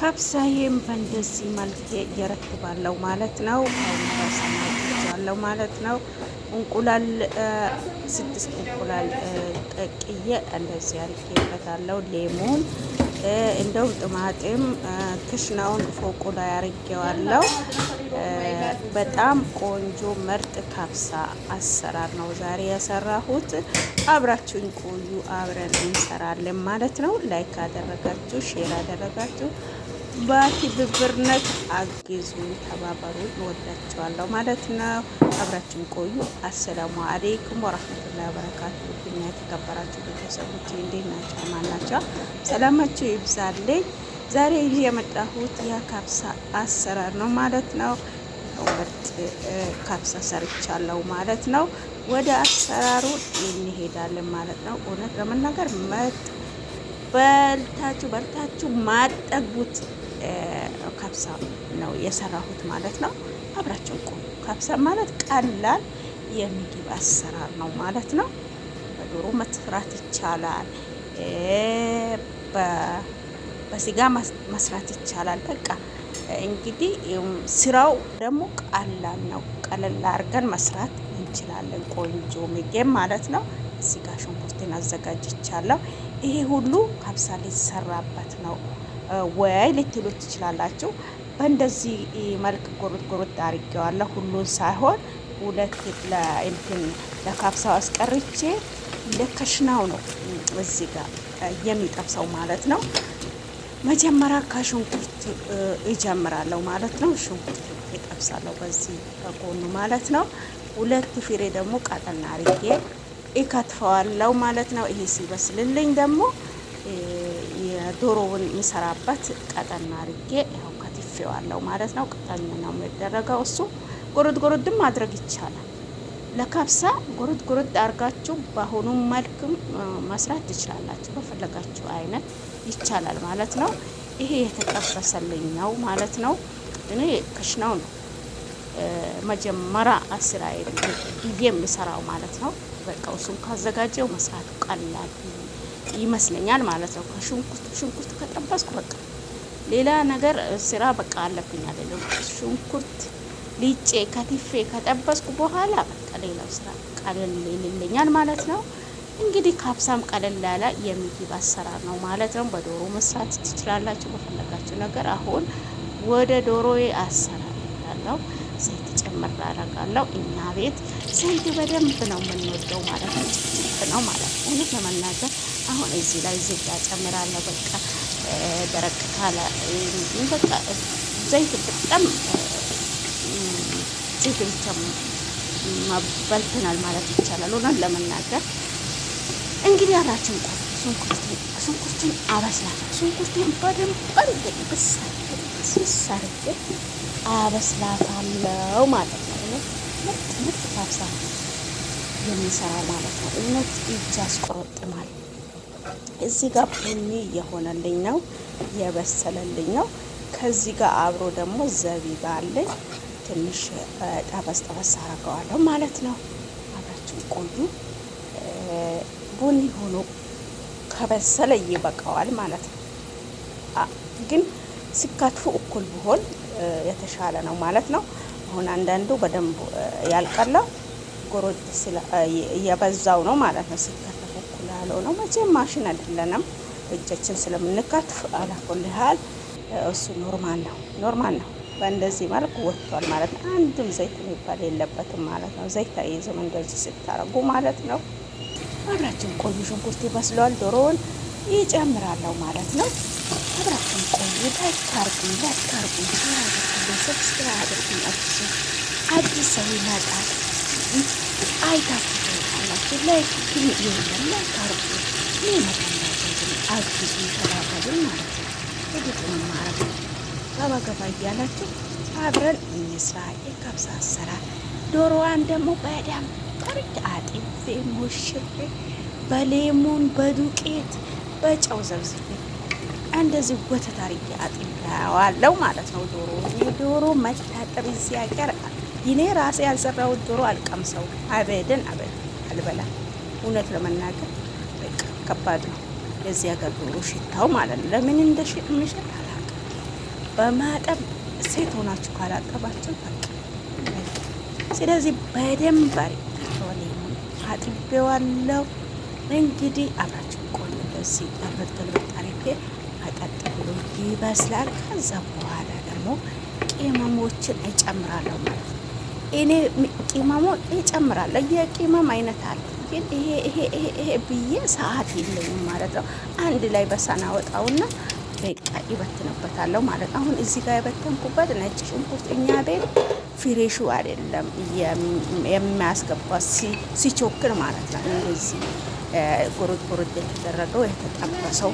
ካብሳዬም በእንደዚህ መልክ እየረክባለሁ ማለት ነው። አሁን ማለት ነው። እንቁላል ስድስት እንቁላል ቀቅዬ እንደዚህ አርጌበታለሁ። ሌሞን እንደው ጥማጥም ክሽናውን ፎቁ ላይ አርጌዋለሁ። በጣም ቆንጆ ምርጥ ካብሳ አሰራር ነው ዛሬ የሰራሁት። አብራችሁን ቆዩ፣ አብረን እንሰራለን ማለት ነው። ላይክ አደረጋችሁ፣ ሼር አደረጋችሁ ባቲ ብብርነት አግዙ፣ ተባበሩ። እንወዳቸዋለሁ ማለት ነው። አብራችን ቆዩ። አሰላሙ አሌይኩም ወረህመቱላሂ ወበረካቱ። ድና የተከበራችሁ ቤተሰቦች እንዴት ናቸው? ማን ናቸው? ሰላማችሁ ይብዛልኝ። ዛሬ ይህ የመጣሁት የካብሳ አሰራር ነው ማለት ነው። ወጥ ካብሳ ሰርቻለሁ ማለት ነው። ወደ አሰራሩ እንሄዳለን ማለት ነው። እውነት ለመናገር መጥ በልታችሁ በልታችሁ ማጠግቡት ካብሳ ነው የሰራሁት ማለት ነው። አብራችን ቁም። ካብሳ ማለት ቀላል የምግብ አሰራር ነው ማለት ነው። በዶሮ መስራት ይቻላል፣ በስጋ መስራት ይቻላል። በቃ እንግዲህ ስራው ደግሞ ቀላል ነው። ቀለል አድርገን መስራት እንችላለን። ቆንጆ ምግብ ማለት ነው። ስጋ ሽንኩርትን አዘጋጅቻለሁ። ይሄ ሁሉ ካብሳ ሊሰራበት ነው። ወይ ልትሉ ትችላላችሁ። በእንደዚህ መልክ ጎርት ጎርት አድርጌዋለሁ። ሁሉን ሳይሆን ሁለት ለእንትን ለካብሳው አስቀርቼ ለከሽናው ነው እዚህ ጋር የሚጠብሰው ማለት ነው። መጀመሪያ ከሽንኩርት እጀምራለሁ ማለት ነው። ሽንኩርት እጠብሳለሁ በዚህ ከጎኑ ማለት ነው። ሁለት ፍሬ ደግሞ ቀጠና አድርጌ እከትፈዋለሁ ማለት ነው። ይሄ ሲበስልልኝ ደግሞ ዶሮውን የሚሰራበት ቀጠና አድርጌ ያው ከትፌዋለሁ ማለት ነው። ቀጠን ነው የሚደረገው እሱ ጉርድ ጉርድም ማድረግ ይቻላል። ለካብሳ ጉርድ ጉርድ አድርጋችሁ በአሁኑ መልክም መስራት ትችላላችሁ። በፈለጋችሁ አይነት ይቻላል ማለት ነው። ይሄ የተጠበሰልኝ ነው ማለት ነው። እኔ ክሽናው ነው መጀመሪያ አስራ ብዬ የምሰራው ማለት ነው። በቃ እሱን ካዘጋጀው መስራት ቀላል ይመስለኛል ማለት ነው። ሽንኩርት ሽንኩርት ከጠበስኩ በቃ ሌላ ነገር ስራ በቃ አለብኝ አይደለም። ሽንኩርት ልጬ ከቲፌ ከጠበስኩ በኋላ በቃ ሌላው ስራ ቀለል ይልልኛል ማለት ነው። እንግዲህ ካብሳም ቀለል ያለ የምግብ አሰራር ነው ማለት ነው። በዶሮ መስራት ትችላላችሁ በፈለጋችሁ ነገር። አሁን ወደ ዶሮዬ አሰራር ያለው ዘይት ጨምር አደርጋለሁ። እኛ ቤት ዘይት በደንብ ነው የምንወደው ማለት ነው። ነው ማለት ነው ለመናገር አሁን እዚህ ላይ ዘይት አጨምራለሁ። በቃ ደረቅ ካለ በቃ ዘይት በጣም ዘይት ብቻ በልተናል ማለት ይቻላል። ሆነን ለመናገር እንግዲህ አብራችን ቆ ሽንኩርቱን አበስላለሁ። ሽንኩርቱን በደንብ ማለት ነው። እውነት ምርጥ ምርጥ ታብሳ ማለት ነው። እውነት እጅ ያስቆረጥማል። እዚህ ጋር ቡኒ የሆነልኝ ነው፣ የበሰለልኝ ነው። ከዚህ ጋር አብሮ ደግሞ ዘቢባ አለኝ። ትንሽ ጠበስ ጠበስ አረገዋለሁ ማለት ነው። አብራችን ቆዩ። ቡኒ ሆኖ ከበሰለ ይበቃዋል ማለት ነው። ግን ሲከትፉ እኩል ቢሆን የተሻለ ነው ማለት ነው። አሁን አንዳንዱ በደንብ ያልቀላው ጎረድ የበዛው ነው ማለት ነው ሲከ እየተስተካከለው ነው። መቼም ማሽን አይደለንም፣ እጃችን ስለምንከትፍ አላኮልሃል። እሱ ኖርማል ነው፣ ኖርማል ነው። በእንደዚህ መልኩ ወጥቷል ማለት ነው። አንድም ዘይት የሚባል የለበትም ማለት ነው። ዘይት አይዝም እንደዚህ ስታረጉ ማለት ነው። አብራችን ቆዩ። ሽንኩርት ይበስለዋል። ዶሮውን ይጨምራለሁ ማለት ነው። አብራችን ቆዩ። ላይክ አርጉ፣ ላይክ አርጉ፣ ሰብስክራይብ አድርጉ። አዲስ ሰው ይመጣል አይታችሁ ላይ ግን ይሄን ታርቁ ምን አዲስ ተባባሉ ማለት ነው። እግጥም ማረግ ገባ ገባ እያላችሁ አብረን እንስራ። የከብሳ አሰራ ዶሮዋን ደግሞ በደም ጠርድ አጥቤ ሞሽሬ በሌሙን በዱቄት በጨው ዘብዝቤ እንደዚህ ወተት አድርጌ አጥቤዋለሁ ማለት ነው። ዶሮ ዶሮ መታጠብ እዚህ ሀገር እኔ ራሴ ያልሰራሁት ዶሮ አልቀምሰው አበድን አበድ ልበላ። እውነት ለመናገር በቃ ከባድ ነው የዚህ ሀገር ዶሮ ሽታው ማለት ነው። ለምን እንደ ሽጥ ምሽት አላውቅም። በማጠብ ሴት ሆናችሁ ካላጠባችሁ በቃ ስለዚህ በደንብ አርጌቸዋል ሆን አጥቤዋለሁ። እንግዲህ አብራችሁ ቆዩ። በዚህ ገልበጥ ገልበጥ አርጌ አጠጥ ብሎ ይበስላል። ከዛ በኋላ ደግሞ ቅመሞችን እጨምራለሁ ማለት ነው። እኔ ቅመሙ ይጨምራለሁ የቅመም አይነት አለ። ግን ይሄ ይሄ ይሄ ይሄ ብዬ ሰዓት የለኝም ማለት ነው። አንድ ላይ በሳና ወጣውና በቃ ይበትንበታለሁ ማለት አሁን እዚህ ጋር የበተንኩበት ነጭ ሽንኩርት እኛ ቤት ፍሬሹ አይደለም የሚያስገባ ሲቾክን ማለት ነው። እንደዚህ ጉርድ የተደረገው የተጠበሰው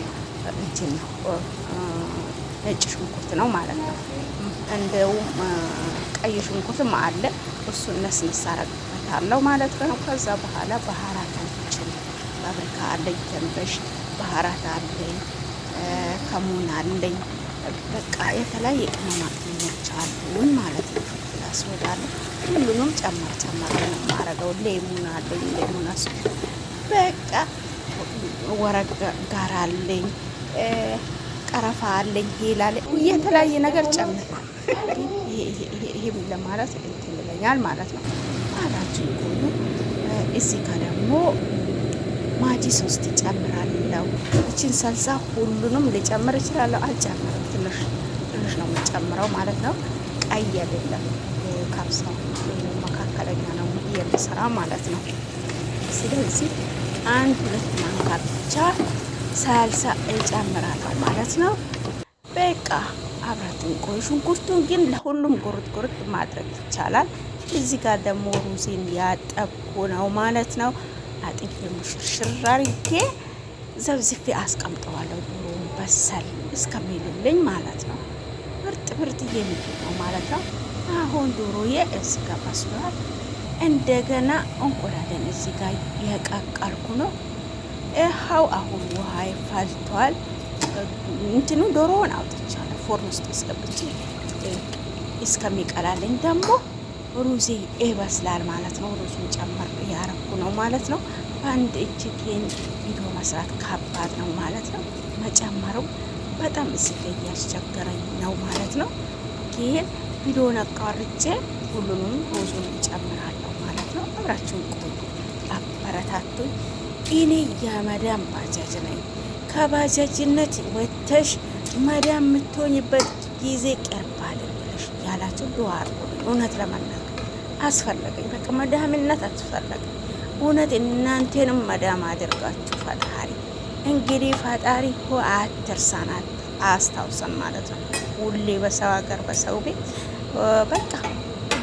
እንትን ነው ነጭ ሽንኩርት ነው ማለት ነው። እንደውም ቀይ ሽንኩርትም አለ። እሱ ነስንስ አረግበታለሁ ማለት ነው። ከዛ በኋላ ባህራቶችን ፋብሪካ አለኝ፣ ተንበሽ ባህራት አለኝ፣ ከሙን አለኝ። በቃ የተለያየ ቅመማ ቅመሞች አሉን ማለት ነው። ላስወዳለ ሁሉንም ጨመር ጨመር ነው የማረገው። ሌሙን አለኝ፣ ሌሙን አስ በቃ ወረግ ጋር አለኝ ቀረፋ አለኝ ይላል። የተለያየ ነገር ጨምር ይሄ ለማለት እንትን ይለኛል ማለት ነው። አላችሁ ሆኑ እዚህ ጋር ደግሞ ማጂ ሶስት ጨምራለሁ። እችን ሰልሳ ሁሉንም ልጨምር እችላለሁ። አልጨምርም፣ ትንሽ ትንሽ ነው የምጨምረው ማለት ነው። ቀይ አይደለም፣ ካብሳው መካከለኛ ነው የምሰራ ማለት ነው። ስለዚህ አንድ ሁለት ማንካ ብቻ ሳልሳ እጨምራለሁ ማለት ነው። በቃ አብራትን ቆይ። ሽንኩርቱን ግን ለሁሉም ቁርጥ ቁርጥ ማድረግ ይቻላል። እዚህ ጋር ደግሞ ሩዜን ያጠብኩ ነው ማለት ነው። አጥቤ ሙሽርሽር አድርጌ ዘብዝፌ አስቀምጠዋለሁ። ዶሮውን በሰል እስከሚልልኝ ማለት ነው። ምርጥ ምርጥ ምግብ ነው ማለት ነው። አሁን ዶሮዬ እዚህ ጋር በስሏል። እንደገና እንቁላልን እዚህ ጋር የቀቀልኩ ነው ይኸው አሁን ውሃ ይፋልቷል። እንትኑ ዶሮውን አውጥቻለሁ ፎርን ውስጥ አስገብቼ እስከሚቀላልኝ ደግሞ ሩዜ ይበስላል ማለት ነው። ሩዙን ጨመር እያረኩ ነው ማለት ነው። በአንድ እጅጌን ቪዲዮ መስራት ከባድ ነው ማለት ነው። መጨመረው በጣም እዚህ እያስቸገረኝ ነው ማለት ነው። ግን ቪዲዮ ነቃርጬ ሁሉንም ሩዙን ጨምራለሁ ማለት ነው። አብራችሁን ቆዩ፣ አበረታቱኝ። እኔ የመዳም ባጃጅ ነኝ። ከባጃጅነት ወተሽ መዳም የምትሆኝበት ጊዜ ቀርባል ብለሽ ያላችሁ ዱዓ እውነት ለመናገር አስፈለገኝ። በቃ መዳምነት አስፈለገኝ። እውነት እናንተንም መዳም አድርጋችሁ ፈጣሪ እንግዲህ ፈጣሪ ሆ አትርሳናት፣ አስታውሰን ማለት ነው። ሁሌ በሰው ሀገር፣ በሰው ቤት በቃ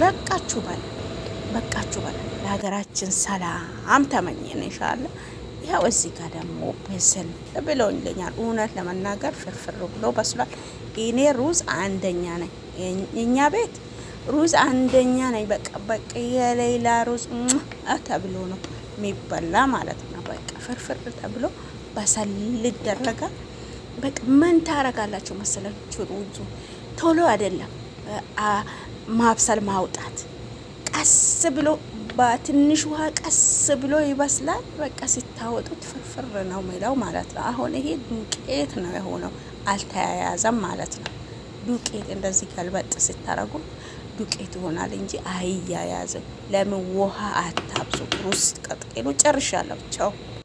በቃችሁ በል በቃችሁ በለ ለሀገራችን ሰላም ተመኘን። እንሻላ ያው እዚህ ጋር ደግሞ ብስል ብሎኛል። እውነት ለመናገር ፍርፍር ብሎ በስሏል። እኔ ሩዝ አንደኛ ነኝ፣ እኛ ቤት ሩዝ አንደኛ ነኝ። በቃ በቃ የሌላ ሩዝ ተብሎ ነው የሚበላ ማለት ነው። በቃ ፍርፍር ተብሎ በሰል ይደረጋል። በቃ ምን ታረጋላችሁ መሰላችሁ? ሩዙ ቶሎ አይደለም ማብሰል ማውጣት ቀስ ብሎ በትንሽ ውሃ ቀስ ብሎ ይበስላል። በቃ ሲታወጡት ፍርፍር ነው የሚለው ማለት ነው። አሁን ይሄ ዱቄት ነው የሆነው፣ አልተያያዘም ማለት ነው። ዱቄት እንደዚህ ገልበጥ ስታረጉ ዱቄት ይሆናል እንጂ አይያያዝም። ለምን ውሃ አታብዙ? ሩስ ቀጥቅሉ። ጨርሻለሁ። ቻው